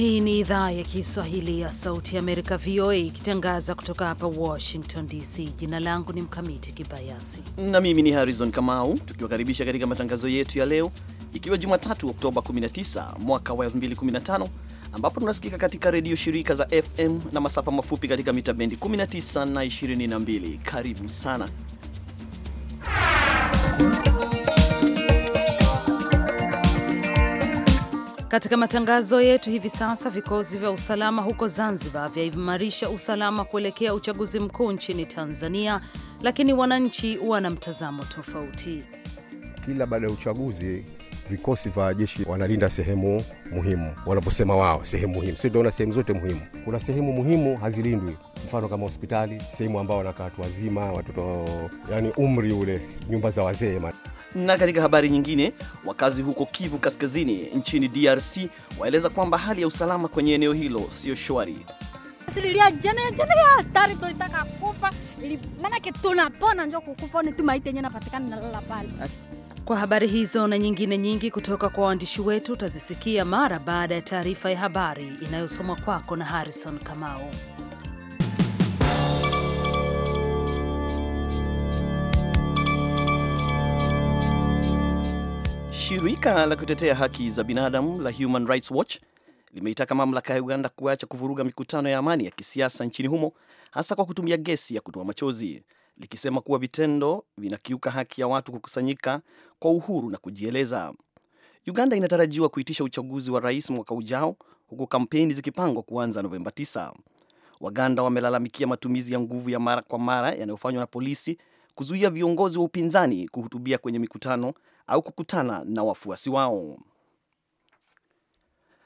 Hii ni idhaa ya Kiswahili ya Sauti ya Amerika, VOA, ikitangaza kutoka hapa Washington DC. Jina langu ni Mkamiti Kibayasi na mimi ni Harrison Kamau, tukiwakaribisha katika matangazo yetu ya leo, ikiwa Jumatatu Oktoba 19 mwaka wa 2015 ambapo tunasikika katika redio shirika za FM na masafa mafupi katika mita bendi 19 na 22. Karibu sana Katika matangazo yetu hivi sasa, vikosi vya usalama huko Zanzibar vyaimarisha usalama kuelekea uchaguzi mkuu nchini Tanzania, lakini wananchi wana mtazamo tofauti. Kila baada ya uchaguzi vikosi vya jeshi wanalinda sehemu muhimu, wanavyosema wao, sehemu muhimu. sio tunaona sehemu zote muhimu, kuna sehemu muhimu hazilindwi, mfano kama hospitali, sehemu ambao wanakaa watu wazima, watoto, yani umri ule, nyumba za wazee. Na katika habari nyingine, wakazi huko Kivu Kaskazini nchini DRC waeleza kwamba hali ya usalama kwenye eneo hilo sio shwari. Kwa habari hizo na nyingine nyingi kutoka kwa waandishi wetu utazisikia mara baada ya taarifa ya habari inayosomwa kwako na Harrison Kamau. Shirika la kutetea haki za binadamu la Human Rights Watch limeitaka mamlaka ya Uganda kuacha kuvuruga mikutano ya amani ya kisiasa nchini humo hasa kwa kutumia gesi ya kutoa machozi, likisema kuwa vitendo vinakiuka haki ya watu kukusanyika kwa uhuru na kujieleza. Uganda inatarajiwa kuitisha uchaguzi wa rais mwaka ujao, huku kampeni zikipangwa kuanza Novemba 9. Waganda wamelalamikia matumizi ya nguvu ya mara kwa mara yanayofanywa na polisi kuzuia viongozi wa upinzani kuhutubia kwenye mikutano au kukutana na wafuasi wao.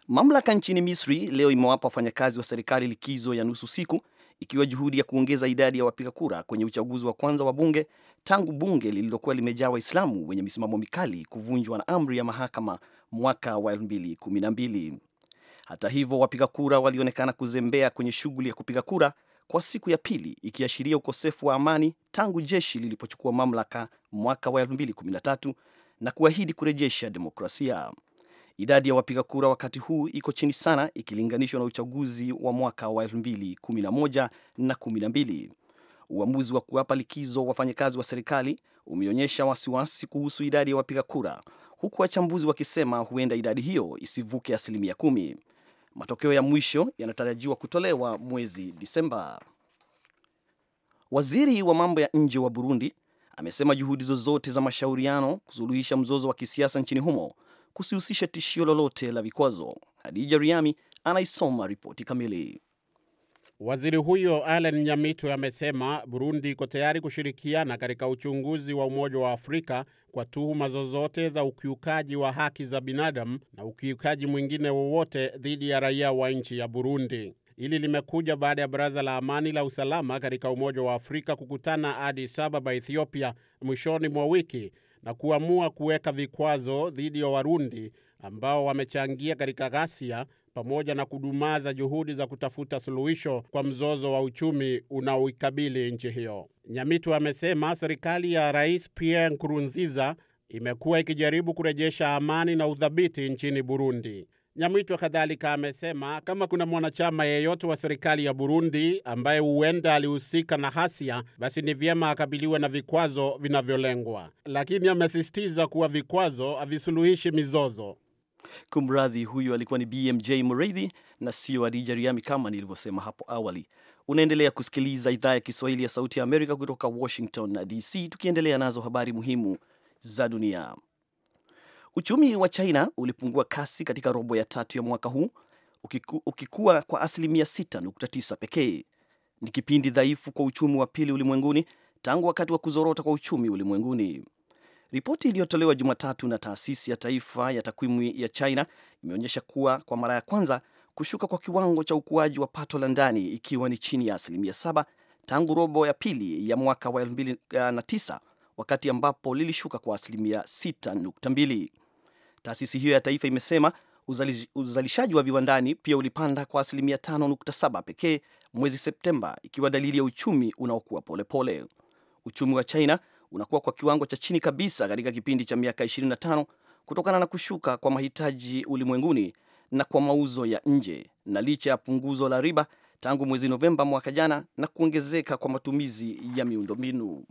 Mamlaka nchini Misri leo imewapa wafanyakazi wa serikali likizo ya nusu siku ikiwa juhudi ya kuongeza idadi ya wapiga kura kwenye uchaguzi wa kwanza wa bunge tangu bunge lililokuwa limejaa Waislamu wenye misimamo mikali kuvunjwa na amri ya mahakama mwaka wa 2012. Hata hivyo, wapiga kura walionekana kuzembea kwenye shughuli ya kupiga kura kwa siku ya pili, ikiashiria ukosefu wa amani tangu jeshi lilipochukua mamlaka mwaka wa na kuahidi kurejesha demokrasia. Idadi ya wapiga kura wakati huu iko chini sana ikilinganishwa na uchaguzi wa mwaka wa 2011 na 12. Uamuzi wa kuwapa likizo wafanyakazi wa serikali umeonyesha wasiwasi kuhusu idadi ya wapiga kura, huku wachambuzi wakisema huenda idadi hiyo isivuke asilimia kumi. Matokeo ya mwisho yanatarajiwa kutolewa mwezi Disemba. Waziri wa mambo ya nje wa Burundi amesema juhudi zozote za mashauriano kusuluhisha mzozo wa kisiasa nchini humo kusihusisha tishio lolote la vikwazo. Hadija Riami anaisoma ripoti kamili. Waziri huyo Alen Nyamitwe amesema Burundi iko tayari kushirikiana katika uchunguzi wa Umoja wa Afrika kwa tuhuma zozote za ukiukaji wa haki za binadamu na ukiukaji mwingine wowote dhidi ya raia wa nchi ya Burundi. Hili limekuja baada ya baraza la amani la usalama katika Umoja wa Afrika kukutana Addis Ababa, Ethiopia, mwishoni mwa wiki na kuamua kuweka vikwazo dhidi ya Warundi ambao wamechangia katika ghasia pamoja na kudumaza juhudi za kutafuta suluhisho kwa mzozo wa uchumi unaoikabili nchi hiyo. Nyamitu amesema serikali ya Rais Pierre Nkurunziza imekuwa ikijaribu kurejesha amani na udhabiti nchini Burundi nyamwitwa kadhalika amesema kama kuna mwanachama yeyote wa serikali ya Burundi ambaye huenda alihusika na hasia, basi ni vyema akabiliwe na vikwazo vinavyolengwa, lakini amesisitiza kuwa vikwazo havisuluhishi mizozo. Kumradhi, huyu alikuwa ni BMJ Mureithi na sio Adija Riami kama nilivyosema hapo awali. Unaendelea kusikiliza idhaa ya Kiswahili ya Sauti ya Amerika kutoka Washington DC, tukiendelea nazo habari muhimu za dunia. Uchumi wa China ulipungua kasi katika robo ya tatu ya mwaka huu ukiku, ukikuwa kwa asilimia 6.9 pekee. Ni kipindi dhaifu kwa uchumi wa pili ulimwenguni tangu wakati wa kuzorota kwa uchumi ulimwenguni. Ripoti iliyotolewa Jumatatu na taasisi ya taifa ya takwimu ya China imeonyesha kuwa kwa mara ya kwanza kushuka kwa kiwango cha ukuaji wa pato la ndani ikiwa ni chini ya asilimia 7 tangu robo ya pili ya mwaka wa 2009 eh, wakati ambapo lilishuka kwa asilimia 6.2. Taasisi hiyo ya taifa imesema uzalishaji wa viwandani pia ulipanda kwa asilimia 5.7 pekee mwezi Septemba, ikiwa dalili ya uchumi unaokuwa polepole. Uchumi wa China unakuwa kwa kiwango cha chini kabisa katika kipindi cha miaka 25 kutokana na kushuka kwa mahitaji ulimwenguni na kwa mauzo ya nje, na licha ya punguzo la riba tangu mwezi Novemba mwaka jana na kuongezeka kwa matumizi ya miundombinu.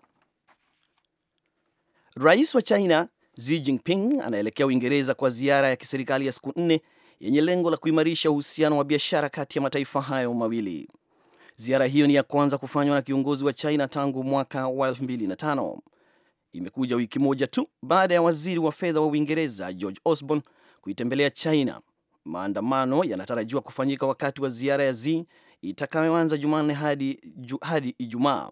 Rais wa China Xi Jinping anaelekea Uingereza kwa ziara ya kiserikali ya siku nne yenye lengo la kuimarisha uhusiano wa biashara kati ya mataifa hayo mawili. Ziara hiyo ni ya kwanza kufanywa na kiongozi wa China tangu mwaka wa 2005. Imekuja wiki moja tu baada ya waziri wa fedha wa Uingereza George Osborne kuitembelea China. Maandamano yanatarajiwa kufanyika wakati wa ziara ya Xi itakayoanza Jumanne hadi, ju, hadi Ijumaa.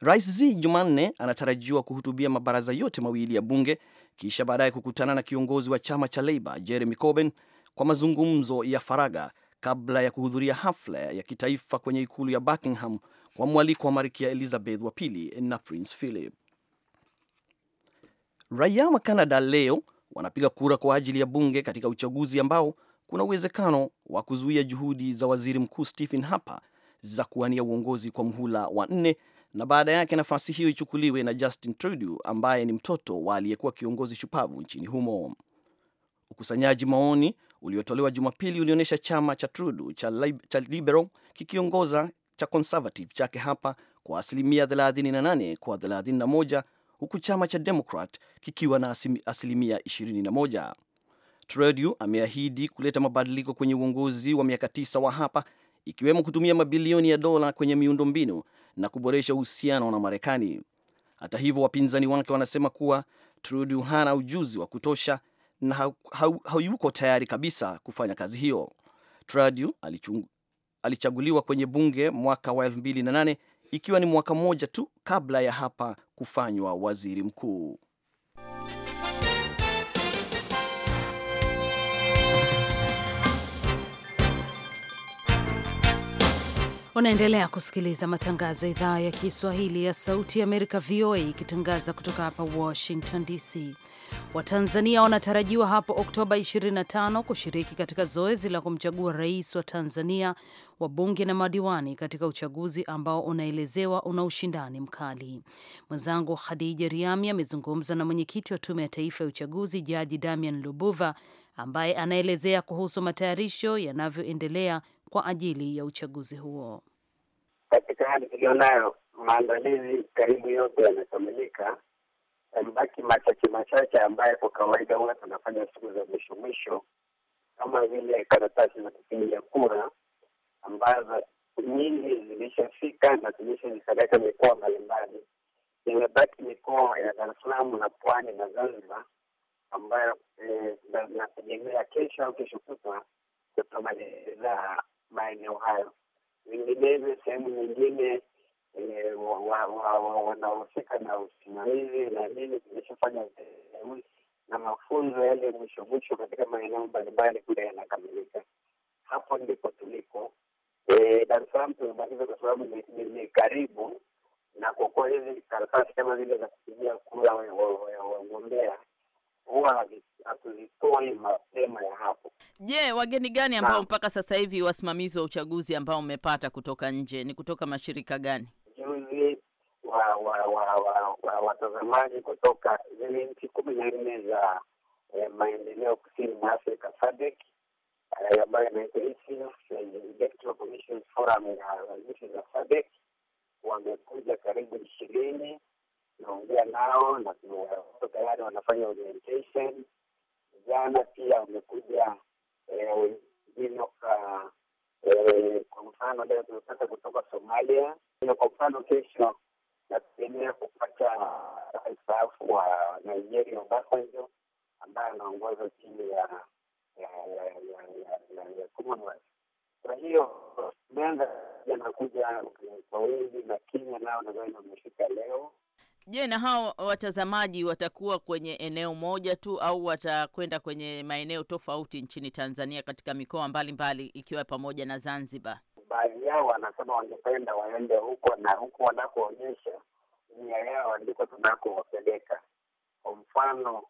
Rais Xi Jumanne anatarajiwa kuhutubia mabaraza yote mawili ya bunge kisha baadaye kukutana na kiongozi wa chama cha Labour Jeremy Corbyn kwa mazungumzo ya faraga kabla ya kuhudhuria hafla ya kitaifa kwenye ikulu ya Buckingham kwa mwaliko wa Malkia Elizabeth wa pili na Prince Philip. Raia wa Canada leo wanapiga kura kwa ajili ya bunge katika uchaguzi ambao kuna uwezekano wa kuzuia juhudi za waziri mkuu Stephen Harper za kuwania uongozi kwa mhula wa nne na baada yake nafasi hiyo ichukuliwe na Justin Trudeau ambaye ni mtoto wa aliyekuwa kiongozi shupavu nchini humo. Ukusanyaji maoni uliotolewa Jumapili ulionyesha chama cha Trudeau cha, Lib cha Liberal kikiongoza cha Conservative chake hapa kwa asilimia 38 kwa 31 huku chama cha Democrat kikiwa na asilimia 21. Trudeau ameahidi kuleta mabadiliko kwenye uongozi wa miaka tisa wa hapa ikiwemo kutumia mabilioni ya dola kwenye miundombinu na kuboresha uhusiano na Marekani. Hata hivyo, wapinzani wake wanasema kuwa Trudeau hana ujuzi wa kutosha na hayuko hau, hau tayari kabisa kufanya kazi hiyo. Trudeau alichaguliwa kwenye bunge mwaka wa 2008 ikiwa ni mwaka mmoja tu kabla ya hapa kufanywa waziri mkuu. Unaendelea kusikiliza matangazo ya idhaa ya Kiswahili ya Sauti ya Amerika, VOA, ikitangaza kutoka hapa Washington DC. Watanzania wanatarajiwa hapo Oktoba 25 kushiriki katika zoezi la kumchagua rais wa Tanzania, wabunge na madiwani katika uchaguzi ambao unaelezewa una ushindani mkali. Mwenzangu Khadija Riami amezungumza na mwenyekiti wa Tume ya Taifa ya Uchaguzi, Jaji Damian Lubuva, ambaye anaelezea kuhusu matayarisho yanavyoendelea kwa ajili ya uchaguzi huo. Katika hali tulionayo, maandalizi karibu yote yamekamilika, yamebaki machache machache ambayo kwa kawaida watu tunafanya siku za mwisho mwisho, kama vile karatasi za kupigia kura ambazo nyingi zilishafika na tulishazipeleka mikoa mbalimbali. Imebaki mikoa ya Dar es Salaam na Pwani na Zanzibar ambayo inategemea eh, kesho au kesho kutwa kutamaliza maeneo hayo. Vinginevyo sehemu nyingine wanahusika na usimamizi na nini zimeshafanya uteuzi na mafunzo yale mwisho mwisho katika maeneo mbalimbali kule yanakamilika. Hapo ndipo tuliko. Dar es Salaam kwa sababu ni karibu, na kwa kuwa hizi karatasi kama zile za kupigia kura wagombea huwa hatuzitoi mapema ya hapo. Je, yeah, wageni gani ambao mpaka sasa hivi wasimamizi wa uchaguzi ambao mmepata kutoka nje ni kutoka mashirika gani? Juzi wa watazamaji wa, wa, wa, wa kutoka zile nchi kumi na nne za eh, maendeleo kusini mwa Afrika SADC eh, ambayo inaitwa Commission Forum ya nchi za SADC wamekuja karibu ishirini tunaongea nao na tayari, wanafanya orientation. Jana pia wamekuja vinoka, eh, eh, kwa mfano leo tumepata kutoka Somalia. Kwa mfano kesho nategemea kupata mstaafu wa Nigeria Obasanjo Je, na hao watazamaji watakuwa kwenye eneo moja tu au watakwenda kwenye maeneo tofauti nchini Tanzania katika mikoa mbalimbali ikiwa pamoja na Zanzibar? Baadhi yao wanasema wangependa waende huko na huko wanakoonyesha nia yao ndiko tunakowapeleka. Kwa mfano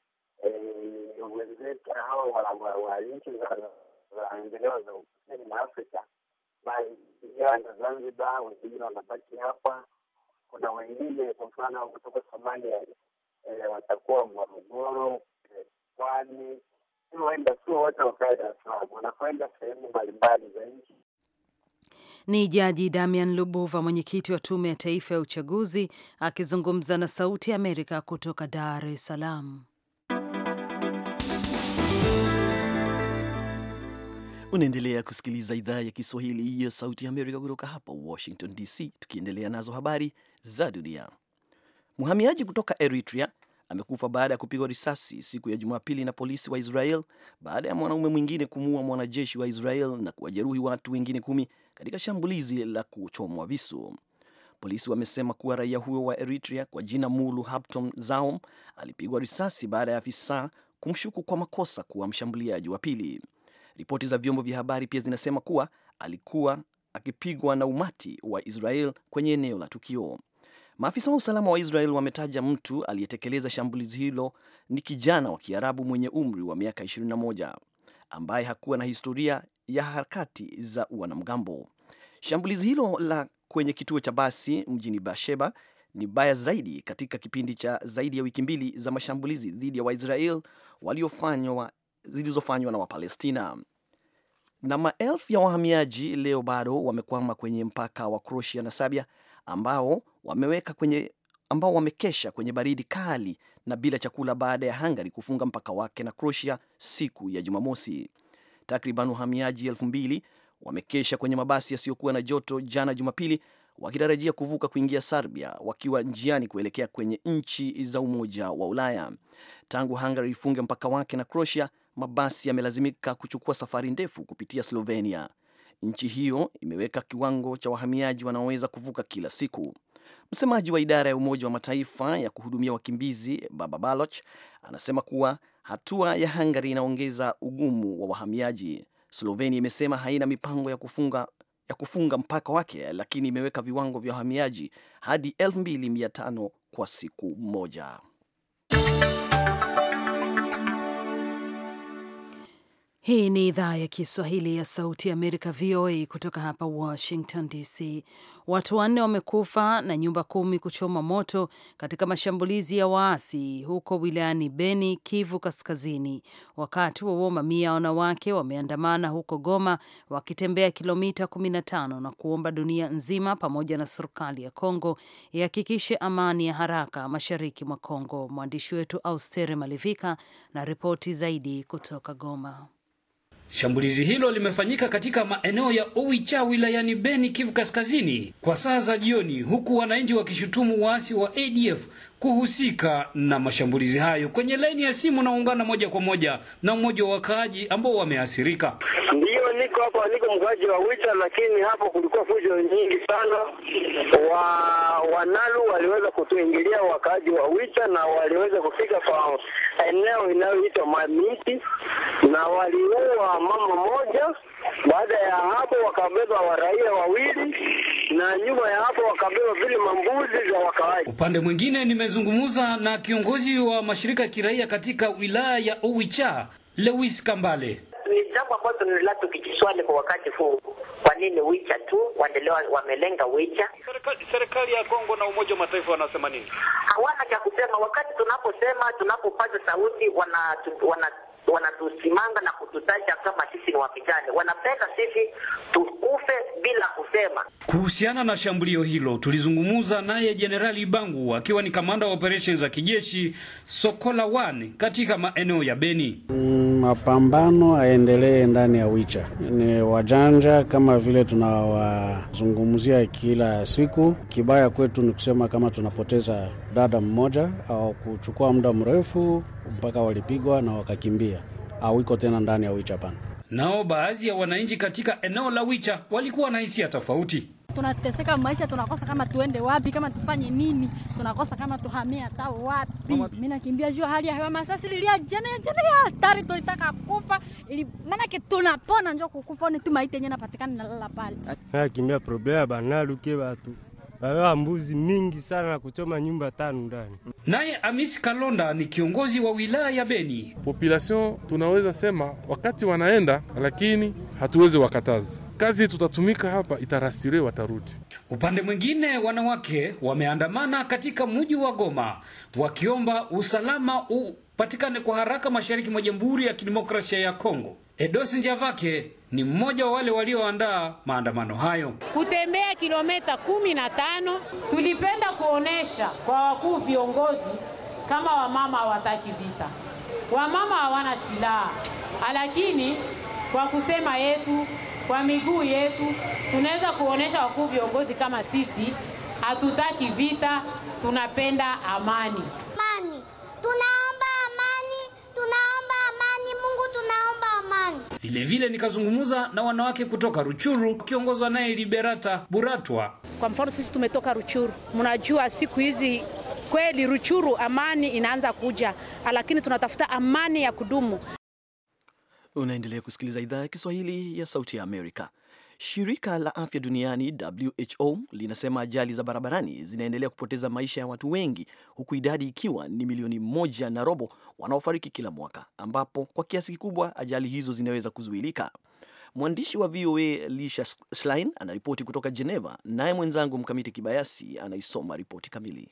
eh, wenzetu hao wa nchi za za kusini mwa Afrika, baadhi yao na Zanzibar, wengine wanabaki hapa sana kutoka Somalia eh, watakuwa Morogoro, eh, Pwani, sioenda sio wote wakae Dar es Salaam, wanakwenda sehemu mbalimbali za nchi. Ni Jaji Damian Lubuva, mwenyekiti wa Tume ya Taifa ya Uchaguzi, akizungumza na Sauti ya Amerika kutoka Dar es Salaam. Unaendelea kusikiliza idhaa ya Kiswahili ya Sauti ya Amerika kutoka hapa Washington DC, tukiendelea nazo habari za dunia. Mhamiaji kutoka Eritrea amekufa baada ya kupigwa risasi siku ya Jumapili na polisi wa Israel baada ya mwanaume mwingine kumuua mwanajeshi wa Israel na kuwajeruhi watu wengine kumi katika shambulizi la kuchomwa visu. Polisi wamesema kuwa raia huyo wa Eritrea kwa jina Mulu Haptom Zaum alipigwa risasi baada ya afisa kumshuku kwa makosa kuwa mshambuliaji wa pili. Ripoti za vyombo vya habari pia zinasema kuwa alikuwa akipigwa na umati wa Israel kwenye eneo la tukio. Maafisa wa usalama wa Israel wametaja mtu aliyetekeleza shambulizi hilo ni kijana wa Kiarabu mwenye umri wa miaka 21 ambaye hakuwa na historia ya harakati za wanamgambo. Shambulizi hilo la kwenye kituo cha basi mjini Beersheba ni baya zaidi katika kipindi cha zaidi ya wiki mbili za mashambulizi dhidi ya Waisrael waliofanywa zilizofanywa na Wapalestina. Na maelfu ya wahamiaji leo bado wamekwama kwenye mpaka wa Kroatia na Sabia ambao wameweka kwenye ambao wamekesha kwenye baridi kali na bila chakula baada ya Hungary kufunga mpaka wake na Croatia siku ya Jumamosi. Takriban wahamiaji elfu mbili wamekesha kwenye mabasi yasiyokuwa na joto jana Jumapili, wakitarajia kuvuka kuingia Serbia wakiwa njiani kuelekea kwenye nchi za Umoja wa Ulaya. Tangu Hungary ifunge mpaka wake na Croatia, mabasi yamelazimika kuchukua safari ndefu kupitia Slovenia. Nchi hiyo imeweka kiwango cha wahamiaji wanaoweza kuvuka kila siku. Msemaji wa idara ya Umoja wa Mataifa ya kuhudumia wakimbizi Baba Baloch anasema kuwa hatua ya Hungary inaongeza ugumu wa wahamiaji. Slovenia imesema haina mipango ya kufunga, ya kufunga mpaka wake, lakini imeweka viwango vya wahamiaji hadi 2500 kwa siku moja. Hii ni idhaa ya Kiswahili ya Sauti ya Amerika, VOA, kutoka hapa Washington DC. Watu wanne wamekufa na nyumba kumi kuchoma moto katika mashambulizi ya waasi huko wilayani Beni, Kivu Kaskazini. Wakati huo mamia ya wanawake wameandamana huko Goma, wakitembea kilomita 15 na kuomba dunia nzima pamoja na serikali ya Kongo ihakikishe amani ya haraka mashariki mwa Kongo. Mwandishi wetu Austere Malivika na ripoti zaidi kutoka Goma. Shambulizi hilo limefanyika katika maeneo ya Oicha wilayani Beni, Kivu Kaskazini, kwa saa za jioni, huku wananchi wakishutumu waasi wa ADF kuhusika na mashambulizi hayo. Kwenye laini ya simu naungana moja kwa moja na mmoja wa wakaaji ambao wameathirika niko hapa, niko mgaji wa Wicha, lakini hapo kulikuwa fujo nyingi sana. Wa wanalu waliweza kutuingilia wakaaji wa Wicha na waliweza kufika kwa eneo inayoitwa Mamiti na waliua mama moja. Baada ya hapo, wakabeba waraia wawili na nyuma ya hapo wakabeba vile mambuzi za wakaaji. Upande mwingine, nimezungumza na kiongozi wa mashirika ya kiraia katika wilaya ya Owicha Lewis Kambale jambo ambalo tunaendelea tukijiswali kwa wakati huu, kwa nini wicha tu waendelewa, wamelenga wicha? Serikali, ya Kongo na Umoja wa Mataifa wanasema nini? Hawana cha kusema. Wakati tunaposema tunapopaza sauti, wana, wana wanatusimanga na kututaja kama sisi ni wapigani, wanapenda sisi tukufe bila kusema. Kuhusiana na shambulio hilo, tulizungumza naye Jenerali bangu akiwa ni kamanda wa operations za kijeshi Sokola 1 katika maeneo ya Beni. Mm, mapambano aendelee ndani ya Wicha. Ni wajanja kama vile tunawazungumzia kila siku. Kibaya kwetu ni kusema kama tunapoteza dada mmoja au kuchukua muda mrefu mpaka walipigwa na wakakimbia, au iko tena ndani ya Wicha pana. Nao baadhi ya wananchi katika eneo la Wicha walikuwa na hisia tofauti. Tunateseka maisha, tunakosa kama tuende wapi, kama tufanye nini, tunakosa kama tuhamie hata wapi. Mimi nakimbia juu hali ya hewa masasi lilia jana ya jana ya hatari, tulitaka kufa ili maana ke tunapona njoo kukufa ni tu maiti napatikana nalala lala pale. Nakimbia problema banaluke watu wawewa mbuzi mingi sana na kuchoma nyumba tano ndani. Naye Amis Kalonda ni kiongozi wa wilaya ya Beni. Population tunaweza sema wakati wanaenda, lakini hatuwezi wakataza kazi tutatumika hapa, itarasiriwe watarudi. Upande mwingine, wanawake wameandamana katika mji wa Goma wakiomba usalama upatikane kwa haraka mashariki mwa Jamhuri ya Kidemokrasia ya Kongo. Edosinja Vake ni mmoja wa wale walioandaa maandamano hayo. Kutembea kilomita kumi na tano, tulipenda kuonesha kwa wakuu viongozi kama wamama hawataki vita, wamama hawana silaha, lakini kwa kusema yetu, kwa miguu yetu, tunaweza kuonesha wakuu viongozi kama sisi hatutaki vita, tunapenda amani. Amani, tunaomba amani, tunaomba amani, Mungu tunaomba amani. Vilevile nikazungumza na wanawake kutoka Ruchuru wakiongozwa naye Liberata Buratwa. Kwa mfano sisi tumetoka Ruchuru, mnajua siku hizi kweli Ruchuru amani inaanza kuja, lakini tunatafuta amani ya kudumu. Unaendelea kusikiliza idhaa ya Kiswahili ya Sauti ya Amerika. Shirika la afya duniani WHO linasema ajali za barabarani zinaendelea kupoteza maisha ya watu wengi, huku idadi ikiwa ni milioni moja na robo wanaofariki kila mwaka, ambapo kwa kiasi kikubwa ajali hizo zinaweza kuzuilika. Mwandishi wa VOA Lisha Schlein anaripoti kutoka Geneva, naye mwenzangu Mkamiti Kibayasi anaisoma ripoti kamili.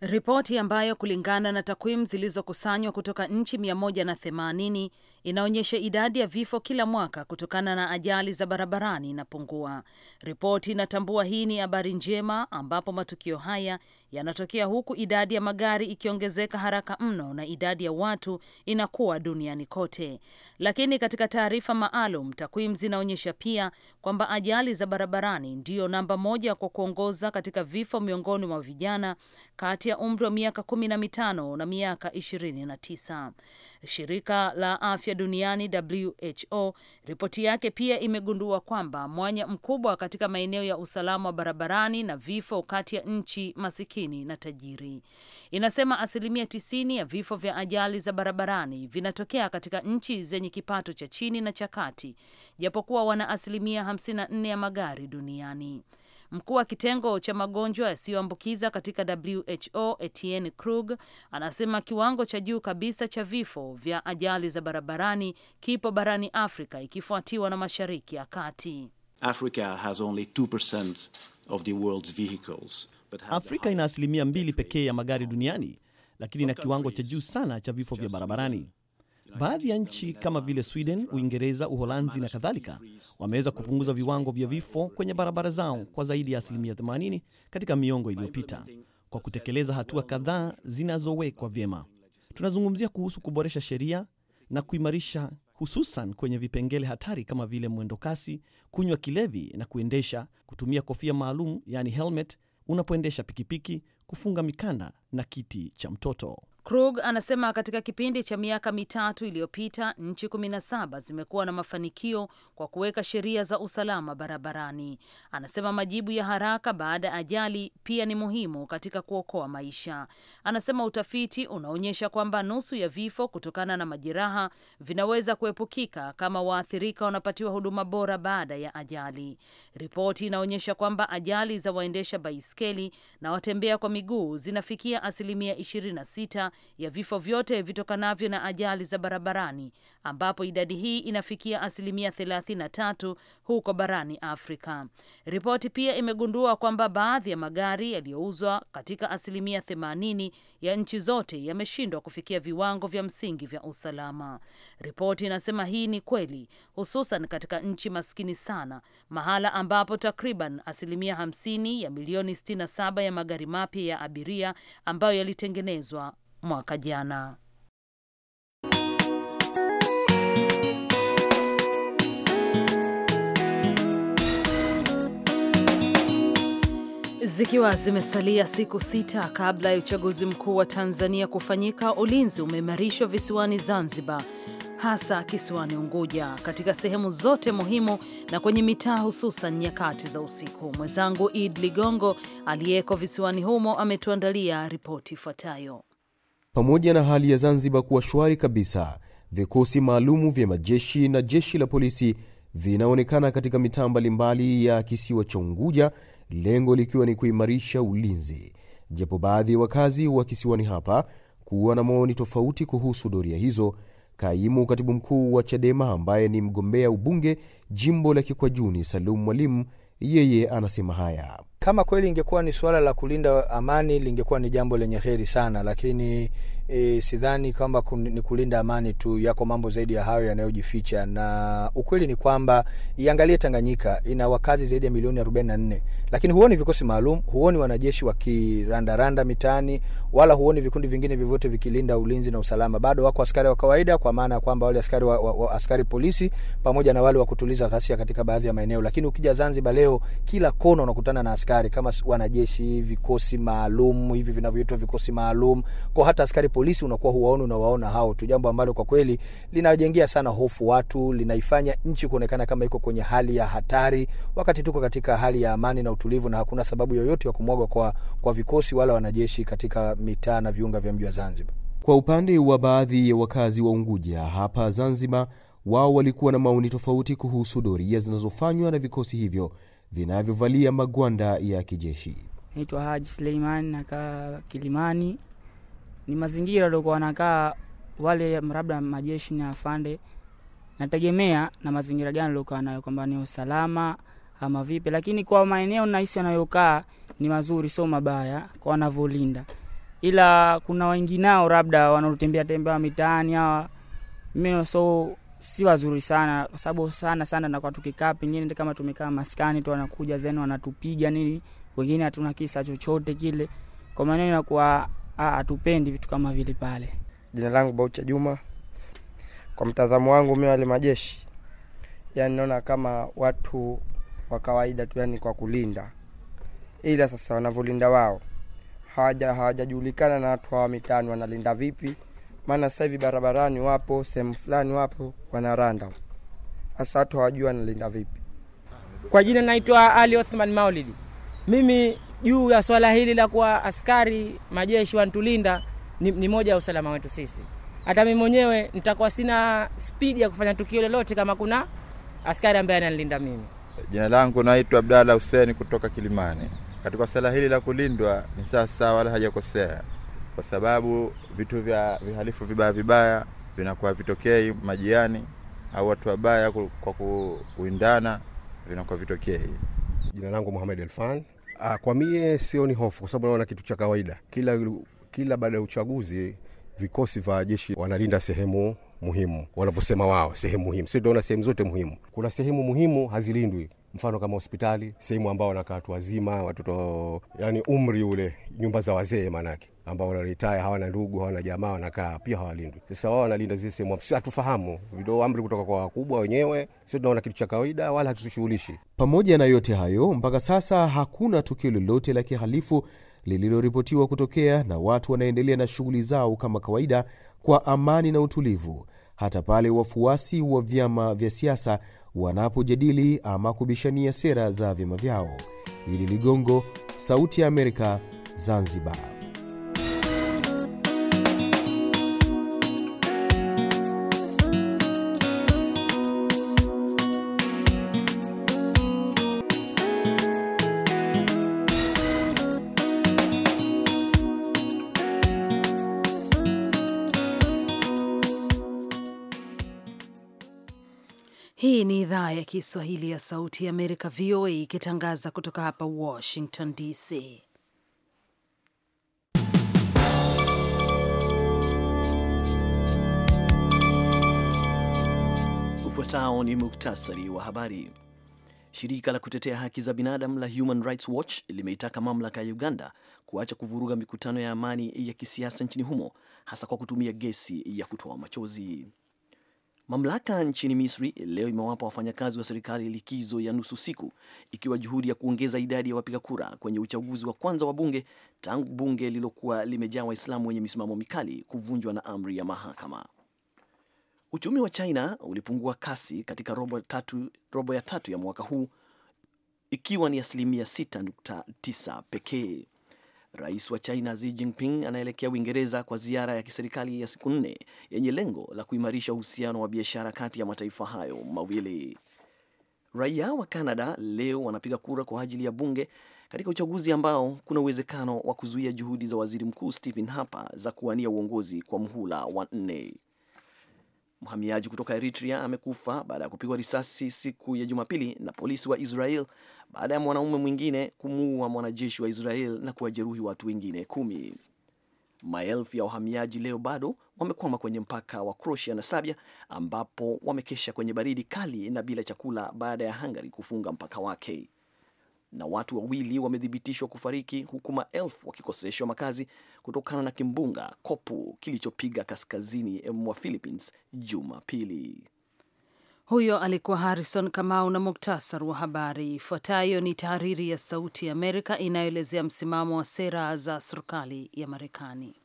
Ripoti ambayo kulingana na takwimu zilizokusanywa kutoka nchi 180 inaonyesha idadi ya vifo kila mwaka kutokana na ajali za barabarani inapungua. Ripoti inatambua hii ni habari njema, ambapo matukio haya yanatokea huku idadi ya magari ikiongezeka haraka mno na idadi ya watu inakuwa duniani kote. Lakini katika taarifa maalum, takwimu zinaonyesha pia kwamba ajali za barabarani ndiyo namba moja kwa kuongoza katika vifo miongoni mwa vijana kati ya umri wa miaka kumi na mitano na miaka ishirini na tisa. Shirika la afya afya duniani WHO ripoti yake pia imegundua kwamba mwanya mkubwa katika maeneo ya usalama wa barabarani na vifo kati ya nchi masikini na tajiri. Inasema asilimia tisini ya vifo vya ajali za barabarani vinatokea katika nchi zenye kipato cha chini na cha kati, japokuwa wana asilimia 54 ya magari duniani. Mkuu wa kitengo cha magonjwa yasiyoambukiza katika WHO Etienne Krug anasema kiwango cha juu kabisa cha vifo vya ajali za barabarani kipo barani Afrika ikifuatiwa na Mashariki ya Kati. Africa has only 2% of the world's vehicles, but Afrika ina asilimia mbili pekee ya magari duniani, lakini na kiwango cha juu sana cha vifo vya barabarani. Baadhi ya nchi kama vile Sweden, Uingereza, Uholanzi na kadhalika wameweza kupunguza viwango vya vifo kwenye barabara zao kwa zaidi ya asilimia 80 katika miongo iliyopita kwa kutekeleza hatua kadhaa zinazowekwa vyema. Tunazungumzia kuhusu kuboresha sheria na kuimarisha hususan kwenye vipengele hatari kama vile mwendokasi, kunywa kilevi na kuendesha, kutumia kofia maalum, yani helmet, unapoendesha pikipiki, kufunga mikanda na kiti cha mtoto. Krug anasema katika kipindi cha miaka mitatu iliyopita nchi kumi na saba zimekuwa na mafanikio kwa kuweka sheria za usalama barabarani. Anasema majibu ya haraka baada ya ajali pia ni muhimu katika kuokoa maisha. Anasema utafiti unaonyesha kwamba nusu ya vifo kutokana na majeraha vinaweza kuepukika kama waathirika wanapatiwa huduma bora baada ya ajali. Ripoti inaonyesha kwamba ajali za waendesha baiskeli na watembea kwa miguu zinafikia asilimia 26 ya vifo vyote vitokanavyo na ajali za barabarani ambapo idadi hii inafikia asilimia 33 huko barani Afrika. Ripoti pia imegundua kwamba baadhi ya magari yaliyouzwa katika asilimia 80 ya nchi zote yameshindwa kufikia viwango vya msingi vya usalama. Ripoti inasema hii ni kweli hususan katika nchi maskini sana, mahala ambapo takriban asilimia 50 ya milioni 67 ya magari mapya ya abiria ambayo yalitengenezwa mwaka jana. Zikiwa zimesalia siku sita kabla ya uchaguzi mkuu wa Tanzania kufanyika, ulinzi umeimarishwa visiwani Zanzibar, hasa kisiwani Unguja, katika sehemu zote muhimu na kwenye mitaa, hususan nyakati za usiku. Mwenzangu Id Ligongo aliyeko visiwani humo ametuandalia ripoti ifuatayo. Pamoja na hali ya Zanzibar kuwa shwari kabisa, vikosi maalumu vya majeshi na jeshi la polisi vinaonekana katika mitaa mbalimbali ya kisiwa cha Unguja, lengo likiwa ni kuimarisha ulinzi, japo baadhi ya wakazi wa kisiwani hapa kuwa na maoni tofauti kuhusu doria hizo. Kaimu katibu mkuu wa CHADEMA ambaye ni mgombea ubunge jimbo la Kikwajuni, Salum Mwalimu, yeye anasema haya. Kama kweli ingekuwa ni suala la kulinda amani lingekuwa ni jambo lenye heri sana, lakini e, sidhani kwamba ni kulinda amani tu, yako mambo zaidi ya hayo yanayojificha, na ukweli ni kwamba iangalie Tanganyika ina wakazi zaidi ya milioni 44, lakini huoni vikosi maalum, huoni wanajeshi wakirandaranda mitaani, wala huoni vikundi vingine vyovyote vikilinda ulinzi na usalama. Bado wako askari wa kawaida, kwa maana ya kwamba wale askari wa, wa, wa, askari polisi pamoja na wale wa kutuliza ghasia katika baadhi ya maeneo, lakini ukija Zanzibar leo, kila kono unakutana na askari askari kama wanajeshi, vikosi maalum hivi vinavyoitwa vikosi maalum, kwa hata askari polisi unakuwa huwaoni, unawaona hao tu, jambo ambalo kwa kweli linajengea sana hofu watu, linaifanya nchi kuonekana kama iko kwenye hali ya hatari, wakati tuko katika hali ya amani na utulivu, na hakuna sababu yoyote ya kumwagwa kwa, kwa vikosi wala wanajeshi katika mitaa na viunga vya mji wa Zanzibar. Kwa upande wa baadhi ya wakazi wa Unguja hapa Zanzibar, wao walikuwa na maoni tofauti kuhusu doria zinazofanywa na vikosi hivyo vinavyovalia magwanda ya kijeshi. Naitwa Haji Suleiman, nakaa Kilimani. Ni mazingira aliokuwa wanakaa wale labda majeshi na afande, nategemea na mazingira gani aliokaa nayo, kwamba ni usalama ama vipi, lakini kwa maeneo nahisi wanayokaa ni mazuri, sio mabaya kwa wanavyolinda, ila kuna wengi nao labda wanaotembea tembea mitaani hawa, mimi so si wazuri sana kwa sababu sana sana nakuwa tukikaa pengine kama tumekaa maskani tu wanakuja zen wanatupiga nini wengine hatuna kisa chochote kile kwa maneno inakuwa hatupendi vitu kama vile pale jina langu baucha juma kwa mtazamo wangu mi wale majeshi yani naona kama watu wa kawaida tu yani kwa kulinda ila sasa wanavyolinda wao hawajajulikana hawaja na watu hawa mitani wanalinda vipi maana sasa hivi barabarani wapo sehemu fulani wapo wanaranda hasa watu hawajui wanalinda vipi. Kwa jina naitwa Ali Othman Maulidi. Mimi juu ya swala hili la kuwa askari majeshi wantulinda ni, ni moja ya usalama wetu sisi. Hata mimi mwenyewe nitakuwa sina spidi ya kufanya tukio lolote kama kuna askari ambaye ananilinda mimi. Jina langu naitwa abdala huseni kutoka Kilimani. Katika swala hili la kulindwa ni sawasawa wala hajakosea kwa sababu vitu vya vihalifu vibaya vibaya vinakuwa vitokei majiani au watu wabaya kwa kuwindana vinakuwa vitokei. Jina langu Muhamed Elfan. Ah, kwa mie sioni hofu, kwa sababu naona kitu cha kawaida. Kila kila baada ya uchaguzi vikosi vya jeshi wanalinda sehemu muhimu, wanavyosema wao, sehemu muhimu. sio tunaona sehemu zote muhimu, kuna sehemu muhimu hazilindwi mfano kama hospitali, sehemu ambao wanakaa watu wazima, watoto, yani umri ule, nyumba za wazee maanake ambao wanaritaya hawana ndugu hawana jamaa wanakaa pia hawalindwi. Sasa wao wanalinda zile sehemu, si hatufahamu vido amri kutoka kwa wakubwa wenyewe, sio tunaona kitu cha kawaida wala hatusishughulishi Pamoja na yote hayo, mpaka sasa hakuna tukio lolote la kihalifu lililoripotiwa kutokea, na watu wanaendelea na shughuli zao kama kawaida kwa amani na utulivu hata pale wafuasi wa vyama vya siasa wanapojadili ama kubishania sera za vyama vyao. Ili Ligongo, Sauti ya Amerika, Zanzibar. ni idhaa ya Kiswahili ya Sauti ya Amerika, VOA, ikitangaza kutoka hapa Washington DC. Ufuatao ni muktasari wa habari. Shirika la kutetea haki za binadamu la Human Rights Watch limeitaka mamlaka ya Uganda kuacha kuvuruga mikutano ya amani ya kisiasa nchini humo, hasa kwa kutumia gesi ya kutoa machozi. Mamlaka nchini Misri leo imewapa wafanyakazi wa serikali likizo ya nusu siku ikiwa juhudi ya kuongeza idadi ya wapiga kura kwenye uchaguzi wa kwanza wa bunge tangu bunge lililokuwa limejaa Waislamu wenye misimamo mikali kuvunjwa na amri ya mahakama. Uchumi wa China ulipungua kasi katika robo, tatu, robo ya tatu ya mwaka huu ikiwa ni asilimia 6.9 pekee. Rais wa China Xi Jinping anaelekea Uingereza kwa ziara ya kiserikali ya siku nne yenye lengo la kuimarisha uhusiano wa biashara kati ya mataifa hayo mawili. Raia wa Canada leo wanapiga kura kwa ajili ya bunge katika uchaguzi ambao kuna uwezekano wa kuzuia juhudi za waziri mkuu Stephen Harper za kuwania uongozi kwa mhula wa nne. Mhamiaji kutoka Eritrea amekufa baada ya kupigwa risasi siku ya Jumapili na polisi wa Israel baada ya mwanaume mwingine kumuua mwanajeshi wa Israel na kuwajeruhi watu wengine kumi. Maelfu ya wahamiaji leo bado wamekwama kwenye mpaka wa Croatia na Sabia ambapo wamekesha kwenye baridi kali na bila chakula baada ya Hungary kufunga mpaka wake na watu wawili wamethibitishwa kufariki huku maelfu wakikoseshwa makazi kutokana na kimbunga Kopu kilichopiga kaskazini mwa Philippines Jumapili. Huyo alikuwa Harrison Kamau na muktasar wa habari. Ifuatayo ni tahariri ya Sauti ya Amerika inayoelezea msimamo wa sera za serikali ya Marekani.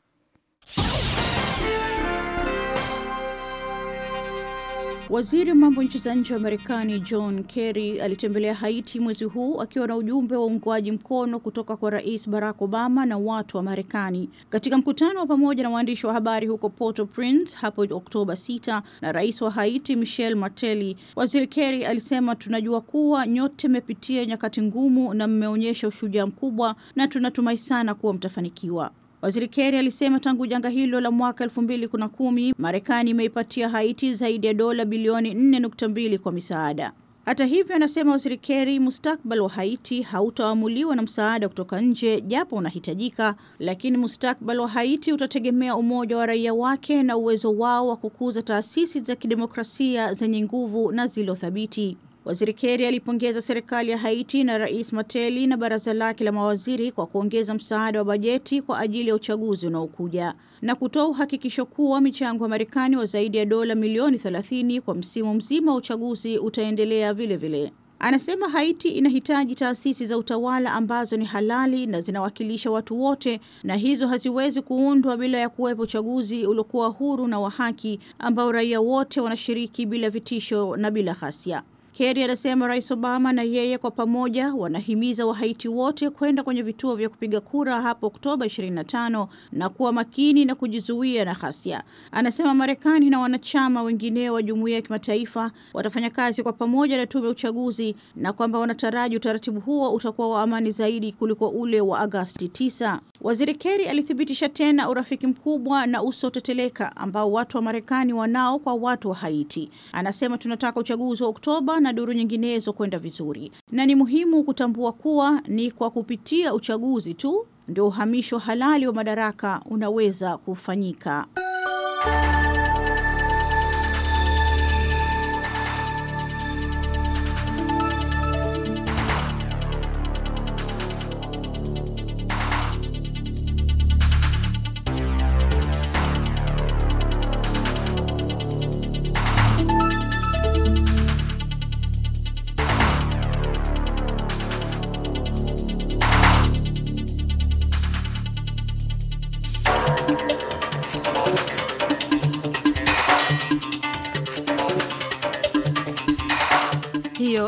Waziri wa mambo nchi za nje wa Marekani John Kerry alitembelea Haiti mwezi huu akiwa na ujumbe wa uungwaji mkono kutoka kwa Rais Barack Obama na watu wa Marekani. Katika mkutano wa pamoja na waandishi wa habari huko Port-au-Prince hapo Oktoba 6 na Rais wa Haiti Michel Martelly, Waziri Kerry alisema, tunajua kuwa nyote mmepitia nyakati ngumu na mmeonyesha ushujaa mkubwa na tunatumai sana kuwa mtafanikiwa. Waziri Kerry alisema tangu janga hilo la mwaka 2010 Marekani imeipatia Haiti zaidi ya dola bilioni 4.2 kwa misaada. Hata hivyo, anasema Waziri Kerry, mustakbal wa Haiti hautaamuliwa na msaada kutoka nje, japo unahitajika, lakini mustakbal wa Haiti utategemea umoja wa raia wake na uwezo wao wa kukuza taasisi za kidemokrasia zenye nguvu na zilizothabiti. Waziri Kerry alipongeza serikali ya Haiti na Rais Mateli na baraza lake la mawaziri kwa kuongeza msaada wa bajeti kwa ajili ya uchaguzi unaokuja na kutoa uhakikisho kuwa michango ya Marekani wa zaidi ya dola milioni 30 kwa msimu mzima wa uchaguzi utaendelea vile vile. Anasema Haiti inahitaji taasisi za utawala ambazo ni halali na zinawakilisha watu wote, na hizo haziwezi kuundwa bila ya kuwepo uchaguzi uliokuwa huru na wa haki ambao raia wote wanashiriki bila vitisho na bila ghasia. Kerry anasema Rais Obama na yeye kwa pamoja wanahimiza Wahaiti wote kwenda kwenye vituo vya kupiga kura hapo Oktoba 25 na kuwa makini na kujizuia na ghasia. Anasema Marekani na wanachama wengineo wa jumuiya ya kimataifa watafanya kazi kwa pamoja na tume uchaguzi na kwamba wanataraji utaratibu huo utakuwa wa amani zaidi kuliko ule wa Agasti 9. Waziri Kerry alithibitisha tena urafiki mkubwa na usioteteleka ambao watu wa Marekani wanao kwa watu wa Haiti. Anasema tunataka uchaguzi wa Oktoba na duru nyinginezo kwenda vizuri, na ni muhimu kutambua kuwa ni kwa kupitia uchaguzi tu ndio uhamisho halali wa madaraka unaweza kufanyika.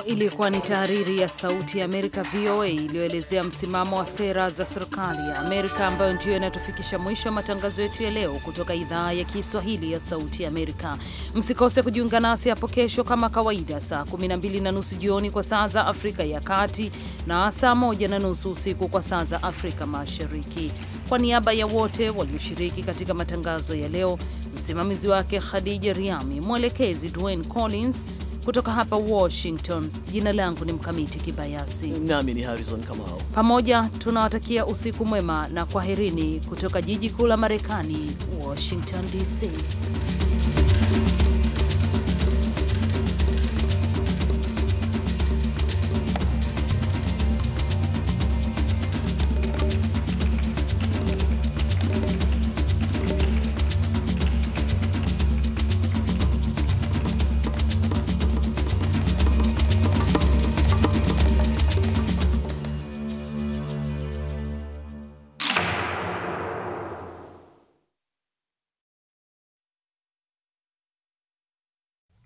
ilikuwa ni tahariri ya Sauti ya Amerika, VOA, iliyoelezea msimamo wa sera za serikali ya Amerika, ambayo ndiyo inatufikisha mwisho wa matangazo yetu ya leo kutoka idhaa ya Kiswahili ya Sauti ya Amerika. Msikose kujiunga nasi hapo kesho kama kawaida, saa 12 na nusu jioni kwa saa za Afrika ya Kati na saa 1 na nusu usiku kwa saa za Afrika Mashariki. Kwa niaba ya wote walioshiriki katika matangazo ya leo, msimamizi wake Khadija Riami, mwelekezi Dwayne Collins kutoka hapa Washington, jina langu ni Mkamiti Kibayasi nami ni Harrison Kamau. Pamoja tunawatakia usiku mwema na kwaherini, kutoka jiji kuu la Marekani, Washington DC.